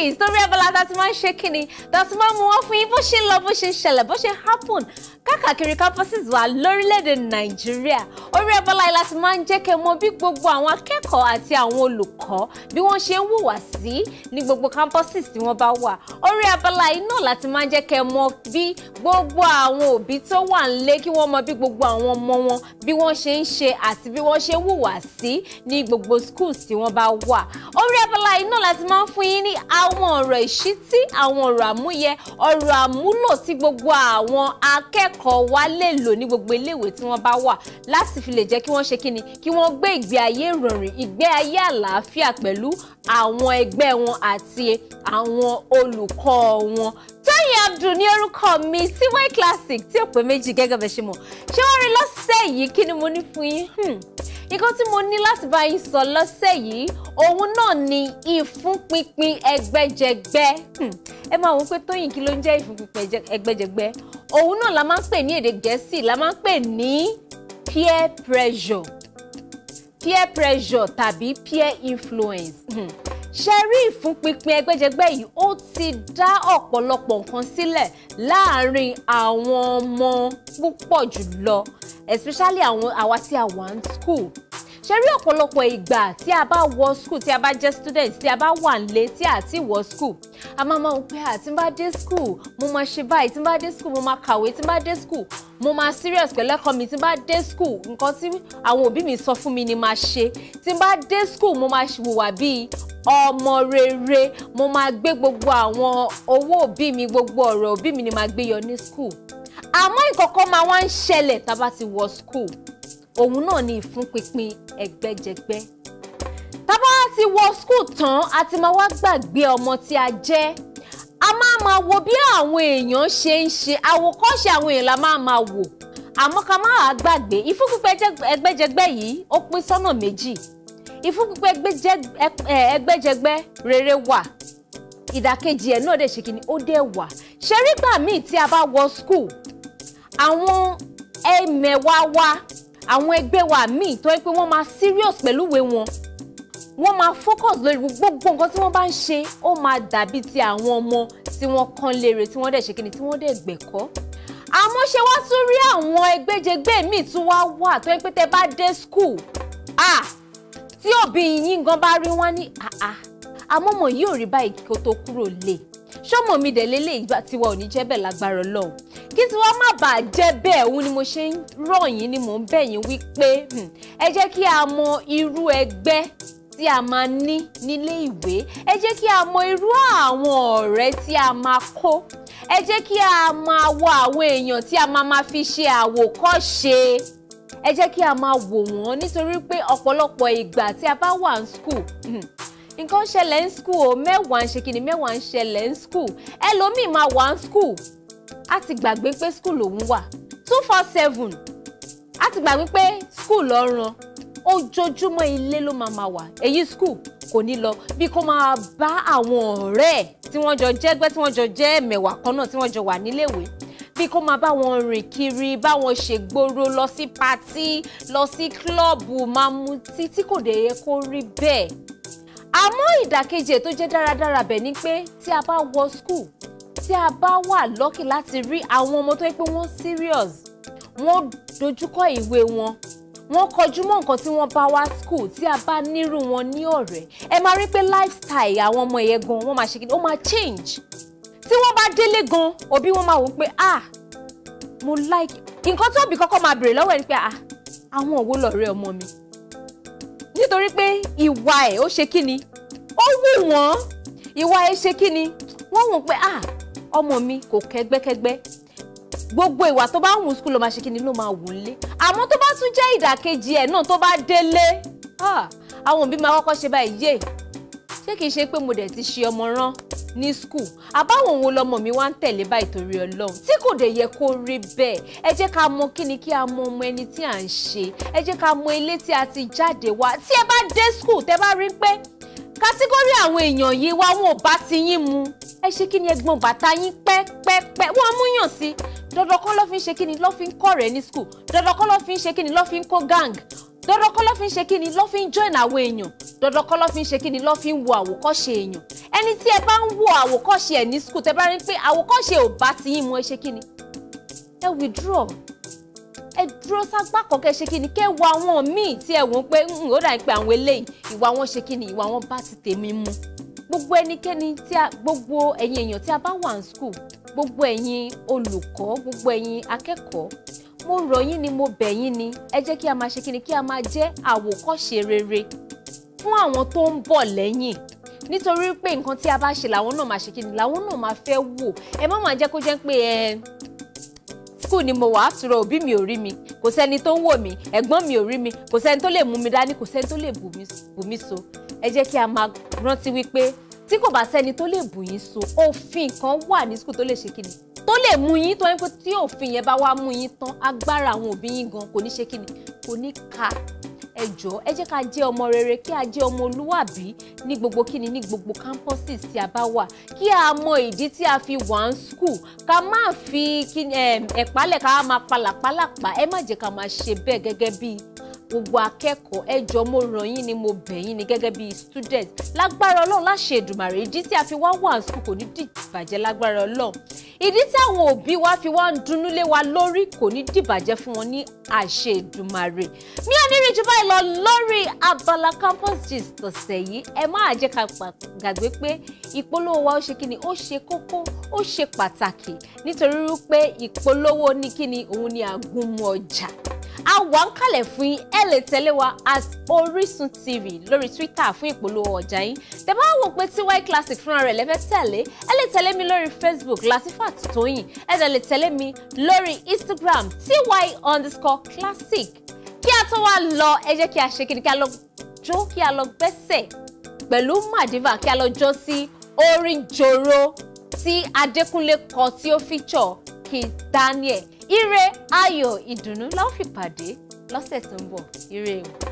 stories torí abala tá a ti máa ń ṣe kíni tá a ti máa ń mú wọn fún yín bó ṣe ń lọ bó ṣe ń ṣẹlẹ̀ bó ṣe happen káàkiri campuses wa lórílẹ̀‐èdè nàìjíríà orí abala yìí la ti máa ń jẹ́ kẹ́ mọ bí gbogbo àwọn akẹ́kọ̀ọ́ àti àwọn olùkọ́ bí wọ́n ṣe ń wùwà sí ní gbogbo campuses tí wọ́n bá wà orí abala yìí náà la ti máa ń jẹ́ kẹ́ mọ bí gbogbo àwọn òbí tó wà nílé kí wọ́n mọ bí gbogbo àwọn ọmọ wọn bí wọ́n ṣe ń ṣe àti bí wọ́n ṣe ń wùwà sí ní gbogbo schools tí wọ́n bá wà orí abala yìí náà la ti máa ń fún yín ní àwọn àwọn ọ̀rọ̀ ìṣítí àwọn ọ̀rọ̀ àmúyẹ ọ̀rọ̀ àmúlò tí gbogbo àwọn akẹ́kọ̀ọ́ wa lè lò ní gbogbo iléèwé tí wọ́n bá wà láti fi lè jẹ́ kí wọ́n ṣe kí ni kí wọ́n gbé ìgbé ayé ìrọ̀rùn ìgbé ayé àlàáfíà pẹ̀lú àwọn ẹgbẹ́ wọn àti àwọn olùkọ́ wọn Tóyìn Abdul ní orúkọ mi Tiwai Classic tí ò pé méjì gẹ́gẹ́ bẹ́ẹ̀ ṣe mọ̀ ṣé wọ́n rí lọ́sẹ̀ yìí kí ni mo ní fún yín hmm nǹkan tí mo ní láti bá yín sọ lọ́sẹ̀ yìí òun náà ni ìfúnpinpin ẹgbẹ́jẹgbẹ́ hmm. ẹ máa wò pé Tóyìn kí ló ń jẹ́ ìfúnpinpin ẹgbẹ́jẹgbẹ́ òun náà la máa ń pè ní èdè gẹ̀ẹ́sì la máa ń pè ní peer pressure peer pressure tàbí peer influence. Hmm ṣe rí ìfúnpinpin ẹgbẹ́jẹgbẹ́ yìí ó ti dá ọ̀pọ̀lọpọ̀ nǹkan sílẹ̀ láàárín àwọn ọmọ púpọ̀ jùlọ especially àwọn àwa tí a wà ní school ṣe rí ọ̀pọ̀lọpọ̀ ìgbà tí a bá wọ school tí a bá jẹ́ student tí a bá wà nílé tí a ti wọ school a máa máa ń pẹ́ à tí bá dé school mo máa ṣe báyìí tí bá dé school mo máa kàwé tí n bá dé school mo máa serious pẹ̀lú ẹ̀kọ́ mi tí n bá dé school nǹkan tí àwọn òbí mi sọ fún mi ni máa ṣe tí n bá dé school mo máa hùwà bíi ọmọ rere mo máa gbé gbogbo àwọn owó òbí mi gbogbo ọ̀rọ̀ òbí mi ni máa gbé yọ ní school àmọ́ ìkọ̀kọ̀ máa wá ń ṣẹlẹ̀ tá a bá ti wọ school òun náà ni ìfúnpinpin ẹgbẹ́jẹgbẹ́ tá a bá ti wọ school tán a ti máa wá gbàgbé ọmọ tí a jẹ́ a máa máa wo bí àwọn èèyàn ṣe ń ṣe àwòkọ́ṣe àwọn èèyàn la máa máa wò àmọ́ ká má gbàgbé ìfúnpinpin ẹgbẹ́jẹgbẹ́ yìí ó pín sọ́nà méjì ìfúnpẹ́ ẹgbẹ́jẹgbẹ́ rere wà ìdàkejì ẹ̀ náà dẹ̀ ṣe kí ni ó dẹ̀ wà ṣe rí gbà míì tí a bá wọ school àwọn ẹ̀mẹ̀wá wa àwọn ẹgbẹ́ wa míì tó yẹ pé wọ́n máa serious pẹ̀lú ìwé wọn wọ́n máa focus lórí gbogbo nǹkan tí wọ́n bá ń ṣe ó máa dàbí ti àwọn ọmọ tí wọ́n kàn lérè tí wọ́n dẹ̀ ṣe kí ni tí wọ́n dẹ̀ gbẹ̀kọ́ àmọ́ ṣe wá tún rí àwọn ẹgbẹ́jẹgbẹ́ míì tún wá wà tó yẹ pé tẹ bá dé school tóbi yín gan bá rí wọn ní àá àmọ́ mọ̀ yìí ò rí báyìí kó tó kúrò lè ṣọ́mọ mi dẹ̀ lélẹ̀ ìgbà tiwa ò ní jẹ́ bẹ́ẹ̀ lágbára Ọlọ́run kí tiwa má bàa jẹ́ bẹ́ẹ̀ òun ni mo ṣe ń rọ̀ ni mò ń bẹ̀ wípé hmm, ẹ jẹ́ kí a mọ irú ẹgbẹ́ tí a máa ní nílé ìwé ẹ jẹ́ kí a mọ irú àwọn ọ̀rẹ́ tí a máa kó ẹ jẹ́ kí a máa wọ àwọn èèyàn tí a máa máa fi ṣe àwòkọ́ṣe ẹ jẹ́ kí a máa wò wọ́n nítorí pé ọ̀pọ̀lọpọ̀ ìgbà tí a bá wà ní school hmm, nǹkan ṣẹlẹ̀ ń school o mẹ́wàá ń ṣe kí ni mẹ́wàá ń ṣẹlẹ̀ ń school ẹlòmíì máa wà ní school á ti gbàgbé pé school lòún wà two four seven á ti gbàgbé pé school ló rán ojoojúmọ́ ilé ló máa máa wà èyí school kò ní lọ bí kò máa bá àwọn ọ̀rẹ́ tí wọ́n jọ jẹ́gbẹ́ tí wọ́n jọ jẹ́ mẹ́wàá kan náà tí wọ́n jọ wà níléèwé bí kó máa bá wọn rìn kiri bá wọn ṣègboro lọ sí patí lọ sí kílọ̀bù máa mutí tí kò dẹ̀ yẹ kó rí bẹ́ẹ̀ àmọ́ ìdàkejì tó jẹ́ dáradára bẹ̀ ni pé tí a bá wọ school tí a bá wà lọ́kì láti rí àwọn ọmọ tó yẹ pé wọ́n serious wọ́n dojúkọ ìwé wọn wọ́n kọjú mọ́ nǹkan tí wọ́n bá wá school tí a bá nírú wọn ní ọ̀rẹ́ ẹ máa rí pé lifestyle àwọn ọmọ ẹ̀yẹ gan wọ́n máa ṣe kí ni ó máa change tí wọ́n bá délé gan òbí wọn máa wò pé ah mo like nǹkan tó bí kọ́kọ́ máa bèrè lọ́wọ́ ẹ̀ ni pé ah àwọn òwò lọ̀rẹ́ ọmọ mi nítorí pé ìwà ẹ̀ ó ṣe kí ni ó wù wọ́n ìwà ẹ̀ ṣe kí ni wọ́n wò pé ah ọmọ mi kò kẹ́gbẹ́kẹ́gbẹ́ gbogbo ìwà tó bá ń wù skul ló máa ṣe kí ni ló máa wù ú lé àmọ́ tó bá tún jẹ́ ìdàkejì ẹ̀ náà tó bá délé àwọn òbí máa kọ́kọ́ ṣe báyìí yé ṣé kìí ṣe pé mo dẹ̀ ti ṣe ọmọ rán ní skul àbáwọn òun lọmọ mi wá ń tẹ̀lé báyìí torí ọlọ́run tí kò dẹ̀ yẹ kó rí bẹ́ẹ̀ ẹ jẹ́ ká mọ kí ni kí a mọ ọmọ ẹni tí à ń ṣe ẹ jẹ́ ká mọ ilé tí a ti jáde wá tí ẹ bá dé skul tẹ bá rí pé kátígórì àwọn èèyàn yìí wá wọn ò bá ti yín mu ẹ ṣe kí ni ẹgbọn bàtà yín pẹ́pẹ́pẹ́ wọn mú yàn sí dandan kọ́ fi ń ṣe kí ni ló fi ń kọ́ ní skul dandan kọ́ fi ń ṣe kí ni ló fi ń kó gang dandan kọ́ ló fi ń ṣe kíni ló fi ń join àwọn èèyàn dandan kọ́ ló fi ń ṣe kíni ló fi ń wo àwòkọ́ṣe èèyàn ẹni tí ẹ bá ń wo àwòkọ́ṣe ẹ̀ ní school tẹ bá rí pé àwòkọ́ṣe ò bá ti yín mu ẹ ṣe kíni ẹ withdraw ẹ dúró ságbá kan kẹ ṣe kíni kẹ wo àwọn míì tí ẹ wò ó pé hmm, ó dà pé àwọn eléyìí ìwà wọn ṣe kíni ìwà wọn bá ti tèmi mu gbogbo ẹnikẹ́ni tí a gbogbo ẹ̀yin èèyàn tí a bá wà ní school gbogbo ẹ̀yin olùkọ́ gbogbo ẹ̀yin akẹ́kọ̀ọ́ mo rọ̀ yín ni mo bẹ̀ yín ni ẹ jẹ́ kí a máa ṣe kíni kí a máa jẹ́ àwòkọ́ṣe rere fún àwọn tó ń bọ̀ lẹ́yìn nítorí pé nǹkan tí a bá ṣe làwọn náà máa ṣe kíni làwọn náà máa fẹ́ wò ẹ má máa jẹ́ kó jẹ́ pé ẹ school ni mo wà after all òbí mi ò rí mi kò sẹ́ni tó ń wò mí ẹ̀gbọ́n mi ò rí mi kò sẹ́ni tó lè mú mi dání kò sẹ́ni tó lè bù mí so ẹ jẹ́ kí a máa rántí wípé tí kò bá sẹ́ni tó lè bù yín so òfin kan wà ní school tó lè ṣe kíni tó lè mú yín tó ń pé tí òfin yẹn bá wá mú yín tán agbára àwọn òbí yín gan kò ní ṣe kíni kò ní ka ẹ jọ̀ọ́ ẹ jẹ́ ká jẹ́ ọmọ rere kí a jẹ́ ọmọ olúwàbí ní gbogbo kíni ní gbogbo campuses tí a bá wà kí a mọ ìdí tí a fi wà ń school ká má fi ẹ̀pálẹ̀ ká má palàpálàpá ẹ má jẹ́ ká má ṣe bẹ́ẹ̀ gẹ́gẹ́ bíi gbogbo akẹ́kọ̀ọ́ ẹ jọ̀ọ́ mo ràn yín ni mo bẹ̀ yín ni gẹ́gẹ́ bí student lágbára ọlọ́run láṣẹ Èdùmàrè ìdí tí a fi wá wà sùn kò ní dìbàjẹ́ lágbára ọlọ́run ìdí tí àwọn òbí wa fi wá ń dunnú lé wa lórí kò ní dìbàjẹ́ fún wọn ní àṣẹ Èdùmàrè mi ò ní rí jù báyìí lọ lórí abala campus gist ọ̀sẹ̀ yìí ẹ máa jẹ́ ká gbàgbé pé ìpolówó wa ó ṣe kíni ó ṣe kókó ó ṣe pàtàkì nítorí wípé ìpolówó ní kíni òun ni àgúnmu ọjà a wà ń kalẹ̀ fún yín ẹ lè tẹ̀lé wa as Orísun TV lórí Twitter fún ìpolówó ọjà yín tẹ́ bá wò pé TY Classic fúnra rẹ̀ lẹ́fẹ́ tẹ̀lé ẹ lè tẹ̀lé mi lórí Facebook Latifat Tóyìn ẹ dẹ̀ lè tẹ̀lé mi lórí Instagram TY underscore classic kí a tó wá lọ ẹ jẹ́ kí a ṣe kíni kí a lọ jó kí a lọ gbẹ́sẹ̀ pẹ̀lú Madiva kí a lọ jó sí orin joro tí Adékúnlé kọ tí ó feature Kizz Daniel ire ayọ̀ ìdùnnú la ó fi pàdé lọ́sẹ̀ tó ń bọ̀ ire o.